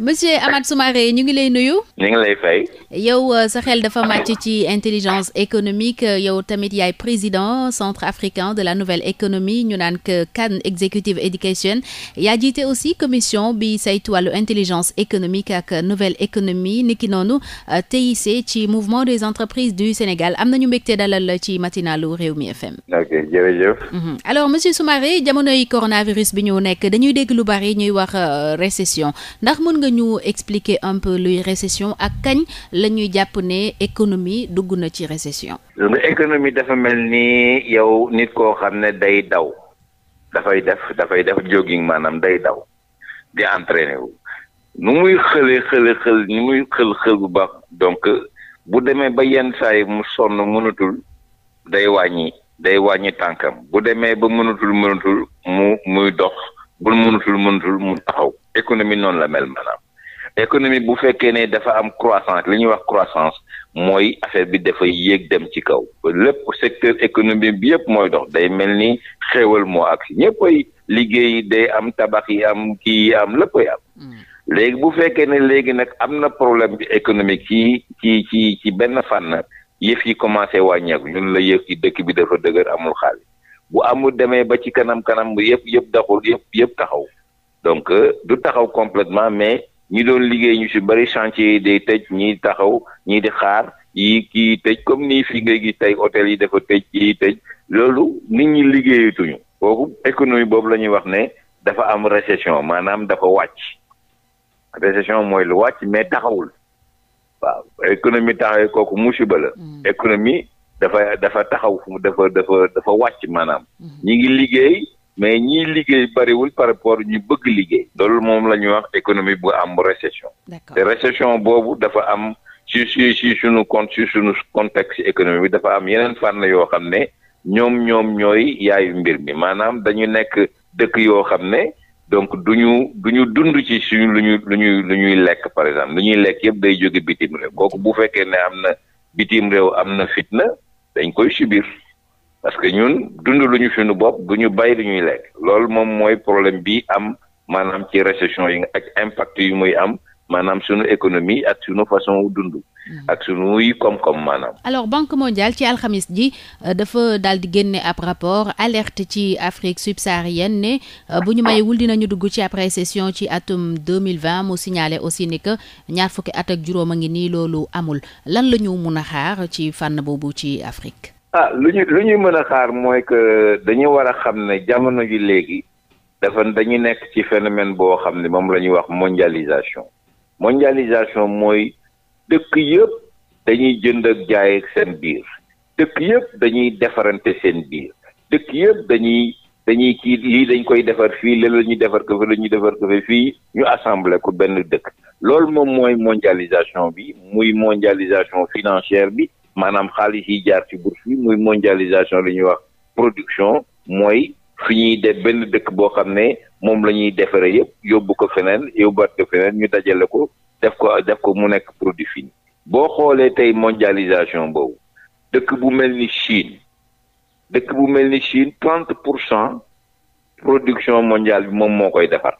monsieur Amath Soumaré ñu ngi lay nuyu. ñu ngi yow euh, sa xel dafa màcc ci intelligence économique euh, yow tamit yaay président centre africain de la nouvelle économie ñu naan que CAN Executive Education yaa jiite aussi commission bi saytu wàllu intelligence économique ak nouvelle économie niki noonu euh, TIC ci mouvement des entreprises du Sénégal am na ñu mbégte dalal ci matinalu Rewmi FM. ok jërëjëf. Mhm. alors monsieur Soumaré jamonoy coronavirus bi ñu nekk dañuy dégg lu bari ñuy wax récession nga expliquer un peu luy récession ak kañ la ñuy jàpp ne économie dugg na ci récession. économie dafa mel ni yow nit koo xam ne day daw dafay def dafay def jogging maanaam day daw di entraîner wu nu muy xëlee xële xël ni muy xël xël bu baax donc bu demee ba yenn saay mu sonn mënatul day wàññi day wàññi tànkam bu demee ba mënatul mënatul mu muy dox bu mënatul mënatul mu taxaw économie noonu la mel maanaam économie bu fekkee ne dafa am croissance li ñuy wax croissance mooy affaire bi dafa yéeg dem ci kaw lépp secteur économique bi yëpp mooy dox day mel nii xéewal moo ak si ñëppay liggéey day am tabax yi am kii yi am léppay am mm. léegi bu fekkee ne léegi nag am na problème bi économique ci ci ci benn fànn yëf yi commencé wàññeeku ñun la yëg yi dëkk bi dafa dëgër amul xaalis bu amul demee ba ci kanam kanam yëpp yëpp daxul yëpp yëpp taxaw donc euh, du taxaw complètement mais ñi doon liggéey ñu si bari chantier yi day tëj ñi taxaw ñii di xaar yi kii tëj comme nii fi ngay gis tey hôtel yi dafa tëj kii tëj loolu nit ñi liggéeyatuñu kooku économie boobu la ñuy wax ne dafa am récession maanaam dafa wàcc récession mooy lu wàcc mais taxawul waaw économie taxawee kooku musiba la mm. économie dafa dafa taxaw fu dafa dafa dafa wàcc maanaam mm. ñi ngi liggéey mais ñi liggéey bariwul par rapport ñu bëgg liggéey. loolu moom la ñuy wax économie bu am récession. te récession boobu dafa am si si si suñu compte suñu contexte économie bi dafa am yeneen fànn yoo xam ne ñoom ñoom ñooy yaayu mbir mi maanaam dañu nekk dëkk yoo xam ne donc du ñu du ñu dund ci suñu lu ñuy lu ñuy lu ñuy lekk par exemple lu ñuy lekk yëpp day jóge bitim réew kooku bu fekkee ne am na bitim réew am na fitna dañ koy subir. parce que ñun dund luñu suñu bopp du ñu bàyyi lu ñuy lekk loolu moom mooy problème bi am maanaam ci récession yi ak impact yu muy am maanaam suñu économie ak suñu façon dund. Mhm. ak suñuy koom-koom maanaam. alors banque mondiale ci alxamis ji euh, dafa daal di génne ab rapport alerte ci Afrique subsaharienne ne euh, bu ñu mayewul dinañu dugg ci ab récession ci atum deux mille vingt mu signalé aussi ne que ñaar fukki at ak juróom a ngi nii loolu amul lan la ñu mun a xaar ci fànn boobu ci Afrique. ah lu ñu lu ñuy mën a xaar mooy que dañu war a xam ne jamono ji léegi dafa dañu nekk ci phénomène boo xam ne moom la ñuy wax mondialisation mondialisation mooy dëkk yëpp dañuy jënd ak jaay ak seen biir dëkk yëpp dañuy defarante seen biir dëkk yëpp dañuy dañuy kii lii dañ koy defar fii léeg ñuy defar ko fi ñuy defar fii ñu assemblé ko benn dëkk loolu moom mooy mondialisation bi muy mondialisation financière bi maanaam xaalis yi jaar ci bourse yi muy mondialisation lu ñuy wax production mooy fi ñuy def benn dëkk boo xam ne moom la ñuy defaree yëpp yóbbu ko feneen yóbbuwaat ko feneen ñu dajale ko def ko def ko mu nekk produit fini boo xoolee tey mondialisation boobu dëkk bu mel ni Chine dëkk bu mel ni Chine trente pour cent production mondial bi moom moo koy defar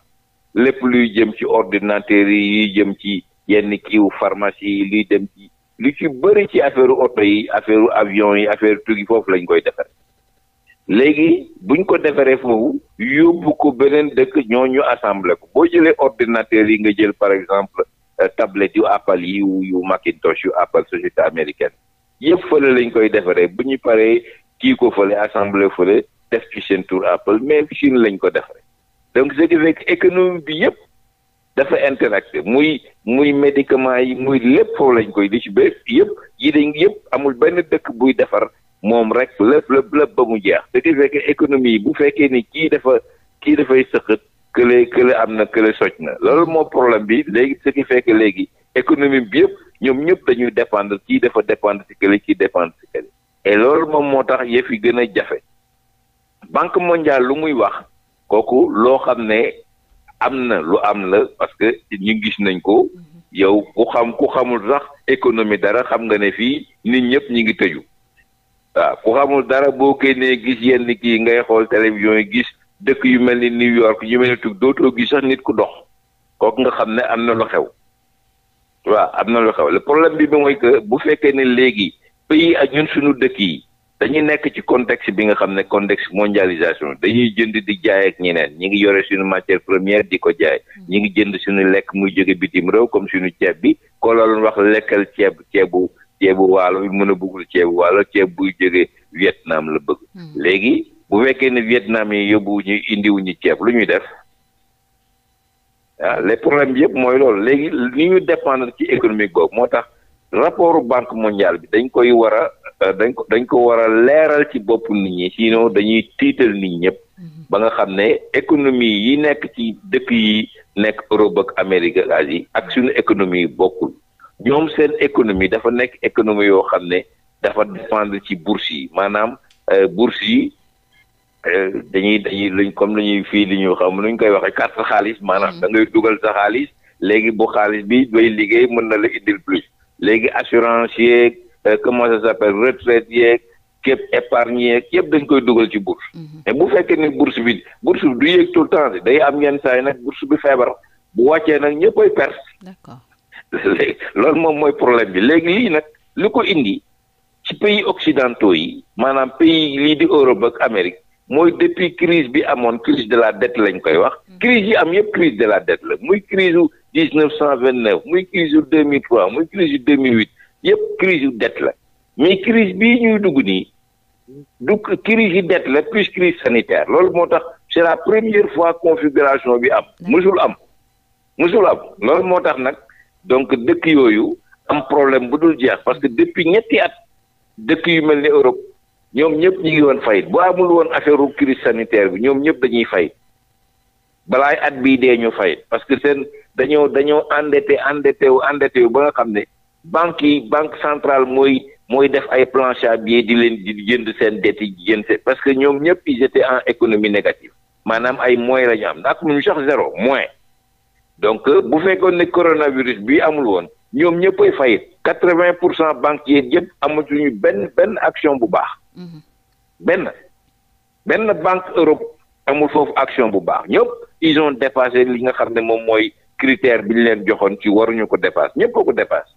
lépp luy jëm ci ordinateur yi yuy jëm ci yenn kiiw pharmacie yi luy dem ci li ci bëri ci affaire oto yi affaire avion yi affaire tukki foofu lañ koy defar léegi buñ ko defaree foofu yóbbu ko beneen dëkk ñooñu assemblé ko boo jëlee ordinateur yi nga jël par exemple euh, tablette yu Apple yi yu Macintosh yu Apple société américaine yëpp fële lañ koy defaree bu ñu paree kii ko fële assemblé fële def ci seen tour Apple mais Chine lañ ko defaree donc ce qui fait bi yëpp dafa interacté muy muy médicament yi muy lépp foofu lañ koy li ci bépp yëpp yi dañ yëpp amul benn dëkk buy defar moom rek lépp lépp ba mu jeex ce qui économie bu fekkee ni kii dafa kii dafay sëqët kële kële am na kële soj na loolu moo problème bi léegi ce qui fait léegi économie bi yëpp ñoom ñëpp dañuy dépendre kii dafa dépendre ci kële kii dépendre ci kële et loolu moom moo tax yëf yi gën a jafe banque mondial lu muy wax kooku loo xam ne am na lu am la parce que ñu gis nañ ko mm-hmm. yow ku xam ku xamul sax économie dara xam nga ne fii nit ñëpp ñi ngi tëju waaw ku xamul dara boo génnee gis yenn kii ngay xool télévision yu gis dëkk yu mel ni New York yu mel ni tug dootoo gis sax nit ku dox kooku nga xam ne am na lu xew waaw am na lu xew le problème bi mooy que bu fekkee ne léegi pays ak ñun suñu dëkk yi dañuy nekk ci contexte bi nga xam ne contexte mondialisation dañuy jënd di jaay ak ñeneen ñi ngi yore suñu matière première di ko jaay hmm. ñi ngi jënd suñu lekk muy jóge bitim réew comme suñu ceeb bi ko loolu wax lekkal ceeb ceebu ceebu waalo bi mën a bëggul ceebu waalo ceeb buy jóge Vietnam la bëgg hmm. léegi bu fekkee ne Vietnam yi yóbbu ñu indiwu ñu ceeb lu ñuy def ah les yëpp mooy loolu léegi ni ñu dépendre ci économique boobu moo tax rapport banque mondiale bi dañ koy war a Euh, dañ ko dañ ko war leeral ci bopp nit ñi sinon dañuy tiital nit ñëpp mhm. ba nga xam ne économie yi nekk ci dëkk yi nekk Europe ak Amérique ak Asie ak suñu économie bokkul ñoom seen économie dafa nekk économie yoo xam ne dafa dépendre ci bourse yi maanaam euh, bourse yi euh, dañuy dañuy luñ comme lañuy fii li ñu xam luñ koy waxee carte xaalis maanaam mhm. da ngay dugal sa xaalis léegi bu xaalis bi bay liggéey mën na la indil plus léegi assurance yeeg Euh, comment ça s'appelle retraite yeeg képp épargne yeeg yëpp dañ koy dugal ci bourse mhm. mais bu fekkee ni bourse bi bourse bi du yéeg tout temps day am yenn saa yi nag bourse bi feebar bu wàccee nag ñëppay perte léegi loolu moom mooy problème bi léegi lii nag lu ko indi ci pays occidentaux yi maanaam pays lii di Europe ak Amérique mooy depuis crise bi amoon crise de la dette lañ koy wax mhm. crise yi am yëpp crise de la dette la muy crise u dix neuf cent vingt neuf muy crise u deux yëpp crise yu dette la mais crise bii ñuy dugg nii du crise yu dette la plus crise sanitaire loolu moo tax c'est la première fois configuration bi am musul am musul am loolu moo tax nag donc dëkk yooyu am problème bu dul jeex parce que depuis ñetti at dëkk yu mel ni Europe ñoom ñëpp ñu ngi woon fayit bu amul woon affaire crise sanitaire bi ñoom ñëpp dañuy fayit balaay at bii dee ñu fayit parce que seen dañoo dañoo endetté endetté wu endetté wu ba nga xam ne banque yi banque centrale mooy mooy def ay planche à billets di leen di jënd seen dette yi di jënd seen parce que ñoom ñëpp ils étaient en économie négative maanaam ay moyens la ñu am ndax ñu sax zéro moins donc euh, bu fekkoon ne coronavirus bi amul woon ñoom ñëppay fayit quatre vingt pour cent banquiers yëpp amatuñu benn benn action bu baax mhm. benn benn banque Europe amul foofu action bu baax ñëpp ils ont dépassé li nga xam ne moom mooy critère bi ñu leen joxoon ci waruñu ko dépasse ñëpp ko dépasse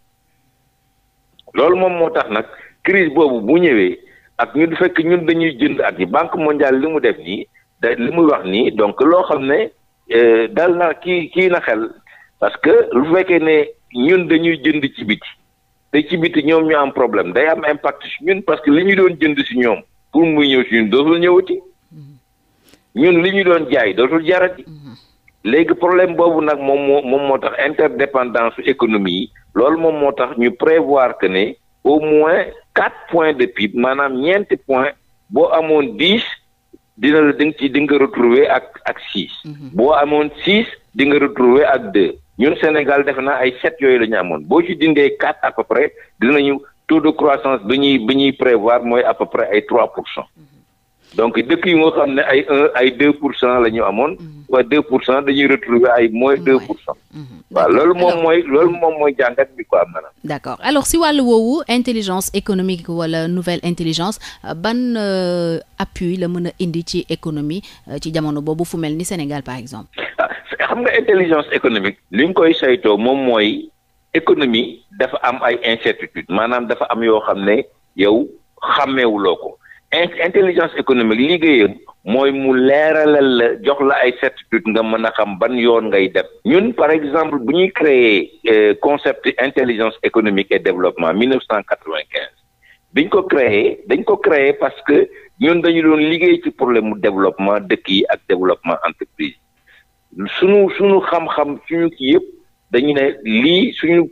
loolu moom moo tax nag crise boobu bu ñëwee ak ñun fekk ñun dañuy jënd at yi banque mondiale li mu def nii da li muy wax nii donc loo xam ne euh, dal na kii kii na xel parce que lu fekkee ne ñun dañuy jënd ci biti te ci biti ñoom ñu am problème day am impact ñun parce que li ñu doon jënd si ñoom pour muy ñëw si ñun dootul ñëwati mm-hmm. ñun li ñu doon jaay dootul jarati mm-hmm. léegi problème boobu nag moom moo moom moo tax interdépendance économie yi loolu moom moo tax ñu prévoir que ne au moins quatre points de PIB maanaam ñeenti point boo amoon dix dina la di nga ci di nga retrouver ak ak six mhm. boo amoon six di nga retrouver ak deux ñun Sénégal defe naa ay sept yooyu la ñu amoon boo ci dindee quatre à peu près dinañu taux de croissance bi ñuy bi ñuy prévoir mooy à peu près ay trois pour cent mhm. donc dëkk yi nga xam ne ay ay deux pour cent la ñu amoon. Mm-hmm. waa deux pour cent dañuy retrouver ay moins deux pour cent. Mm-hmm. Mm-hmm. waaw loolu moom mooy loolu moom mooy jàngat bi quoi maanaam. d'accord alors si wàllu woowu intelligence économique wala nouvelle intelligence ban euh, appui la mën a indi ci économie euh, ci jamono boobu fu mel ni Sénégal par exemple. Ah, xam nga intelligence économique. li nga koy saytoo moom mooy économie dafa am ay incertitudes. maanaam dafa am yoo xam ne yow xàmmeewuloo ko. intelligence économique liggéeyam mooy mu leeralal la jox la ay certitude nga mën a xam ban yoon ngay def ñun par exemple bu ñuy créer euh, concept intelligence économique et développement 1995 biñ ko créer dañ ko créer parce que ñun dañu doon liggéey ci problème mu développement dëkk yi ak développement entreprise suñu suñu xam-xam suñu kii yëpp dañu ne lii suñu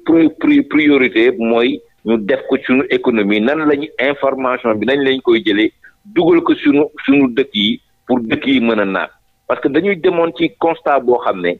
priorité mooy ñu def ko suñu économie nan lañu information bi nañ lañ koy jëlee dugal ko suñu suñu dëkk yi pour dëkk yi mën a naat parce que dañuy demoon ci constat boo xam ne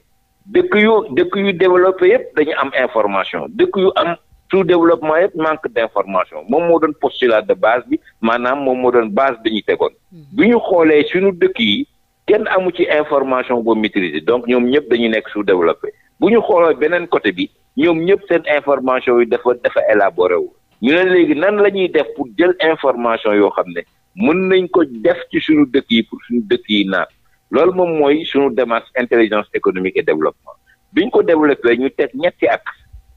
dëkk yu dëkk yu développé yëpp dañu am information dëkk yu am sous developpement yëpp manque d' information moom moo doon postulat de base bi maanaam moom moo doon base bi ñu tegoon mm-hmm. bu ñu xoolee suñu dëkk yi kenn amu ci information boo maîtriser donc ñoom ñëpp dañu nekk su développé bu ñu xoolee beneen côté bi ñoom ñëpp seen information yi dafa dafa élaboré wu ñu ne léegi nan la ñuy def pour jël information yoo xam ne mën nañ ko def ci suñu dëkk yi pour suñu dëkk yi naat loolu moom mooy suñu démarche intelligence économique et développement bi ñu ko développé ñu teg ñetti ak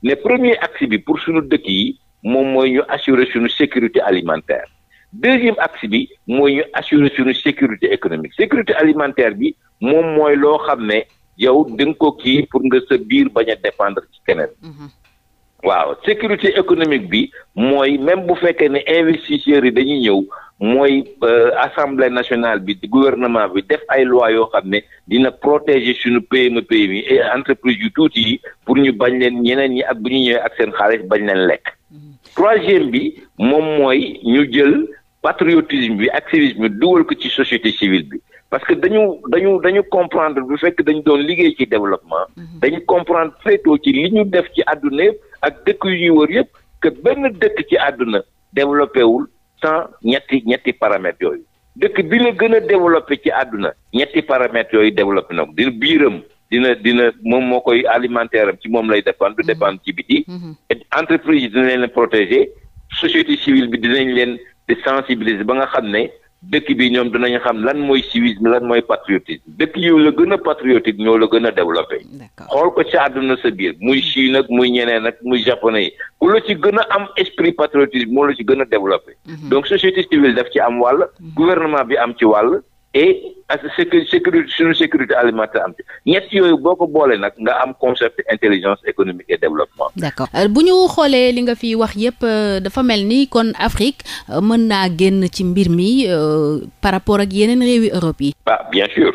ne premier axe bi pour suñu dëkk yi moom mooy ñu assurer suñu sécurité alimentaire deuxième axe bi mooy ñu assurer suñu sécurité économique sécurité alimentaire bi moom mooy loo xam ne yow da nga ko kii pour nga sa biir bañ a dépendre ci keneen. Mhm. waaw sécurité économique bi mooy même bu fekkee ne investisseurs yi dañuy ñëw mooy euh, assemblée nationale bi gouvernement bi def ay loi yoo xam ne dina protéger suñu PME PMI et entreprise yu tuuti yi pour ñu bañ leen ñeneen yi ak bu ñu ñëwee ak seen xaalis bañ leen lekk. Mhm. troisième bi moom mooy ñu jël patriotisme bi activisme bi dugal ko ci société civile bi parce que dañu dañu dañu comprendre bu fekk dañu doon liggéey ci développement mhm. dañu comprendre très tôt ci li ñu def ci àdduna yëpp ak dëkk yu ñuy wër yëpp que benn dëkk ci àdduna développé wul sans ñetti ñetti paramètres yooyu dëkk bi la gën a développé ci àdduna ñetti paramètres yooyu développé na ko dina biiram dina dina moom moo koy alimentaire am ci moom lay dépendre du mhm. dépendre ci biti mhm. entreprise dina leen protéger société civile bi dinañ leen di sensibiliser ba nga xam ne dëkk bi ñoom dinañ xam lan mooy civisme lan mooy patriotisme dëkk yow la gën a patriotique ñoo la gën a développé. xool ko ci àdduna sa biir muy Chine ak muy ñeneen ak muy japonais yi ku la ci gën a am esprit patriotisme moo la ci gën a développé. Mhm. donc société civile daf ci am wàll. Mhm. gouvernement bi am ci wàll. et ak sécurité suñu sécurité alimentaire am ñett yooyu boo ko boolee nag nga am concept intelligence économique et développement. d'accord euh, bu ñu xoolee li nga fi wax yépp euh, dafa mel ni kon Afrique euh, mën naa génn ci mbir mi par rapport ak yeneen réewi Europe yi. ah bien sûr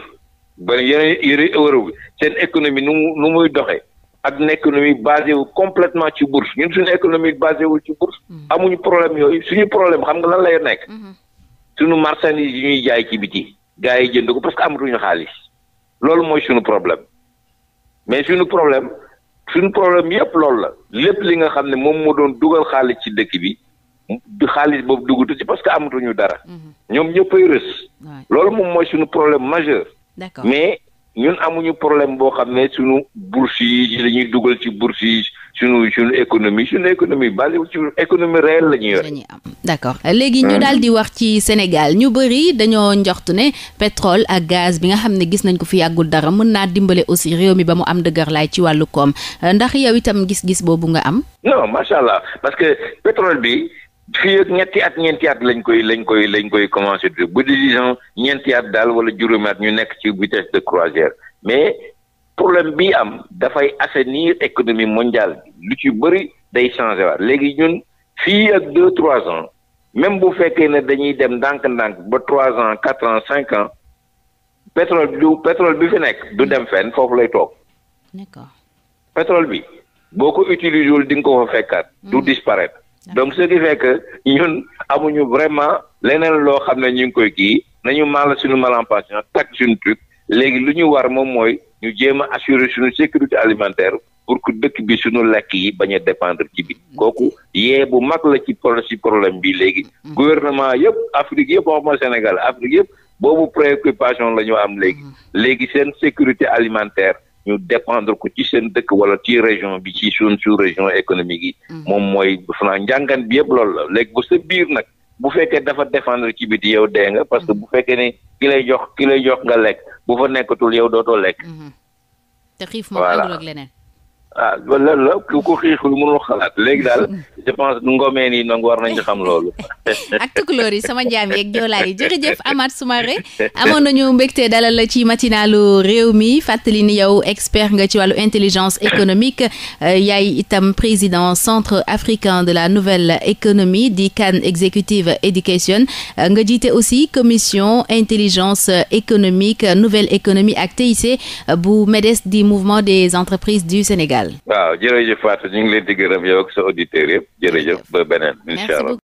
ba yeneen réewi Europe seen économie nu mu nu muy doxe ak une économie basée wu complètement ci bourse ñun suñu économie basée ci bourse hmm. amuñu problème yooyu suñu problème xam nga lan lay nekk. Hmm. suñu marchandises yi ñuy jaay ci gars yi jënd ko parce que amatuñu xaalis loolu mooy suñu problème mais suñu problème suñu problème yëpp loolu la lépp li nga xam ne moom moo doon dugal xaalis ci dëkk bi xaalis boobu dugutu ci parce que amatuñu dara. Mhm. ñoom ñëppay rës. loolu moom mooy suñu problème majeur. mais ñun amuñu problème boo xam ne suñu bourse yi la ñuy dugal ci bourse sunu suñu économie suñu économie basé ci économie réelle la ñuy yor. d'accord léegi ñu daal di wax ci Sénégal ñu bëri dañoo njoxtu ne pétrole ak gaz bi nga xam ne gis nañ ko fi yàggul dara mën naa dimbale aussi réew mi ba mu am dëgërlaay ci wàllu koom ndax yow itam gis-gis boobu nga am. non macha allah parce pétrole bi. fii ak ñetti at ñeenti at lañ koy lañ koy lañ koy commencé di bu di disons ñeenti at daal wala juróomi at ñu nekk ci vitesse de croisière mais problème bi am dafay assainir économie mondiale lu ci bëri day changé waat léegi ñun fii ak deux trois ans même bu fekkee ne dañuy dem ndànk-ndànk ba trois ans quatre ans cinq ans pétrole du pétrole bi fi nekk du dem fenn foofu lay toog. d'accord pétrole bi boo ko utiliser wul di nga ko fekkaat. du mm-hmm. disparaître. donc ce qui fait que ñun amuñu vraiment leneen loo xam ne ñu ngi koy kii nañu maala suñu malaan patience tak suñu truc léegi lu ñu war moom mooy ñu jéem a assurer suñu sécurité alimentaire pour que dëkk bi suñu lekk yi bañu dépendre ci bi mm-hmm. kooku yee bu mag la ci ci problème bi léegi mm-hmm. gouvernement yëpp Afrique yëpp waxuma Sénégal Afrique yëpp boobu préoccupation la ñu am léegi mm-hmm. léegi seen sécurité alimentaire ñu dépendre ko ci seen dëkk wala ci région bi ci suñ sous région économique yi. Mm-hmm. moom mooy fanaa njàngan bi yëpp loolu la léegi bu sa biir nag bu fekkee dafa défendre ci bit yow dee nga parce que mm-hmm. bu fekkee ne ki lay jox ki lay jox nga lekk bu fa nekkatul yow dootoo lekk. Mm-hmm. te xiif moom àndul ak leneen. ah loolu la ku ko xiixul mënul xalaat léegi daal je pense yi sama njaam yeeg yi jërëjëf Amath Soumaré amoon nañu mbégte dalal la ci matinalu réew mi fàttali ni yow expert nga ci wàllu intelligence économique euh, yay itam président centre africain de la nouvelle économie di CAN Executive Education euh, nga jiite aussi commission intelligence économique nouvelle économie ak TIC euh, bu MEDES di mouvement des entreprises du Sénégal. Fall. waaw jërëjëf Fatou ñu ngi leen di gërëm yow ak sa auditeurs yëpp jërëjëf ba beneen incha